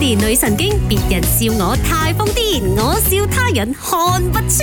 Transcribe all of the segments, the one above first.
年女神經，別人笑我太瘋癲，我笑他人看不穿。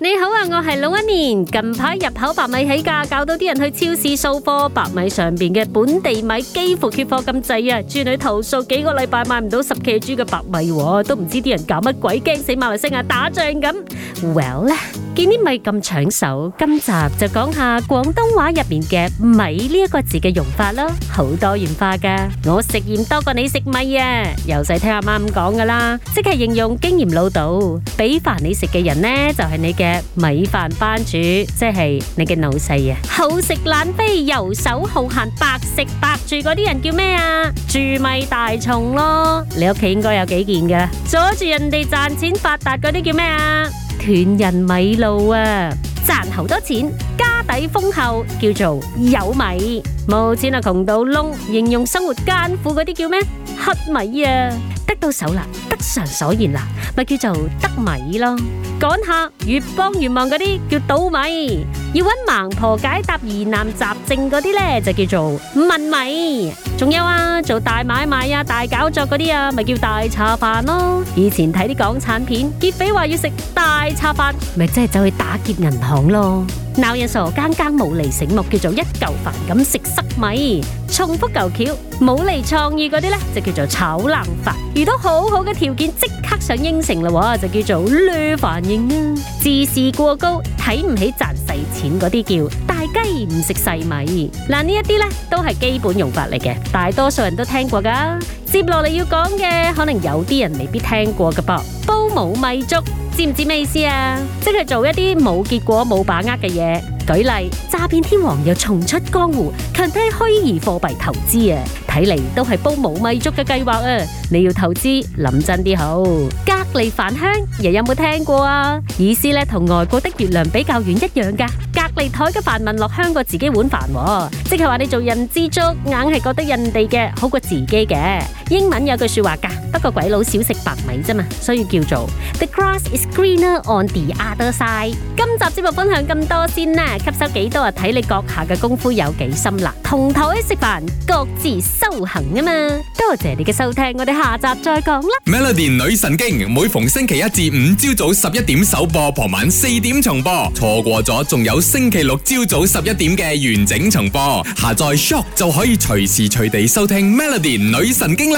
你好啊，我係老一年，近排入口白米起價，搞到啲人去超市掃貨，白米上面嘅本地米幾乎缺貨咁滯啊！豬女投訴幾個禮拜買唔到十 KG 嘅白米，都唔知啲人搞乜鬼，驚死馬來西亞打仗咁。Well 見啲米咁搶手，今集就講下廣東話入面嘅米呢一個字嘅用法啦，好多元化噶。我食鹽多過你食米啊！由細聽阿媽咁講噶啦，即係形容經驗老道，俾飯你食嘅人呢，就係你嘅米飯班主，即係你嘅老細啊！好食懶飛，游手好閒，白食白住嗰啲人叫咩啊？住米大蟲咯！你屋企應該有幾件噶？阻住人哋賺錢發達嗰啲叫咩啊？斷人米路啊，賺好多錢，家底豐厚，叫做有米；冇錢啊，窮到窿，形容生活艱苦嗰啲叫咩？乞米啊，得到手啦，得償所願啦，咪叫做得米咯。趕客越幫越忙嗰啲叫倒米。要搵盲婆解答疑難雜症嗰啲咧，就叫做問米；仲有啊，做大買賣啊，大搞作嗰啲啊，咪叫大茶飯咯。以前睇啲港產片，劫匪話要食大茶飯，咪真係走去打劫銀行咯。鬧人傻，更更冇厘醒目叫做一嚿飯咁食塞米。重複舊橋，冇厘創意嗰啲咧，就叫做炒冷飯。遇到好好嘅條件，即刻想應承嘞，就叫做掠飯應啊。自視過高，睇唔起賺錢嗰啲叫大雞唔食細米，嗱、啊、呢一啲呢都係基本用法嚟嘅，大多數人都聽過噶。接落嚟要講嘅，可能有啲人未必聽過噶噃。煲冇米粥，知唔知咩意思啊？即係做一啲冇結果、冇把握嘅嘢。舉例。詐騙天王又重出江湖，強推虛擬貨幣投資啊！睇嚟都係煲冇米粥嘅計劃啊！你要投資諗真啲好。隔籬飯香，又有冇聽過啊？意思咧同外國的月亮比較圓一樣噶。隔籬台嘅飯聞落香過自己碗飯，即係話你做人知足，硬係覺得人哋嘅好過自己嘅。英文有句說話噶，不過鬼佬少食白米啫嘛，所以叫做 The grass is greener on the other side。今集節目分享咁多先啦，吸收幾多啊？睇你閣下嘅功夫有幾深啦。同台食飯，各自修行啊嘛。多謝你嘅收聽，我哋下集再講啦。Melody 女神經，每逢星期一至五朝早十一點首播，傍晚四點重播。錯過咗，仲有星期六朝早十一點嘅完整重播。下載 Shop 就可以隨時隨地收聽 Melody 女神經啦。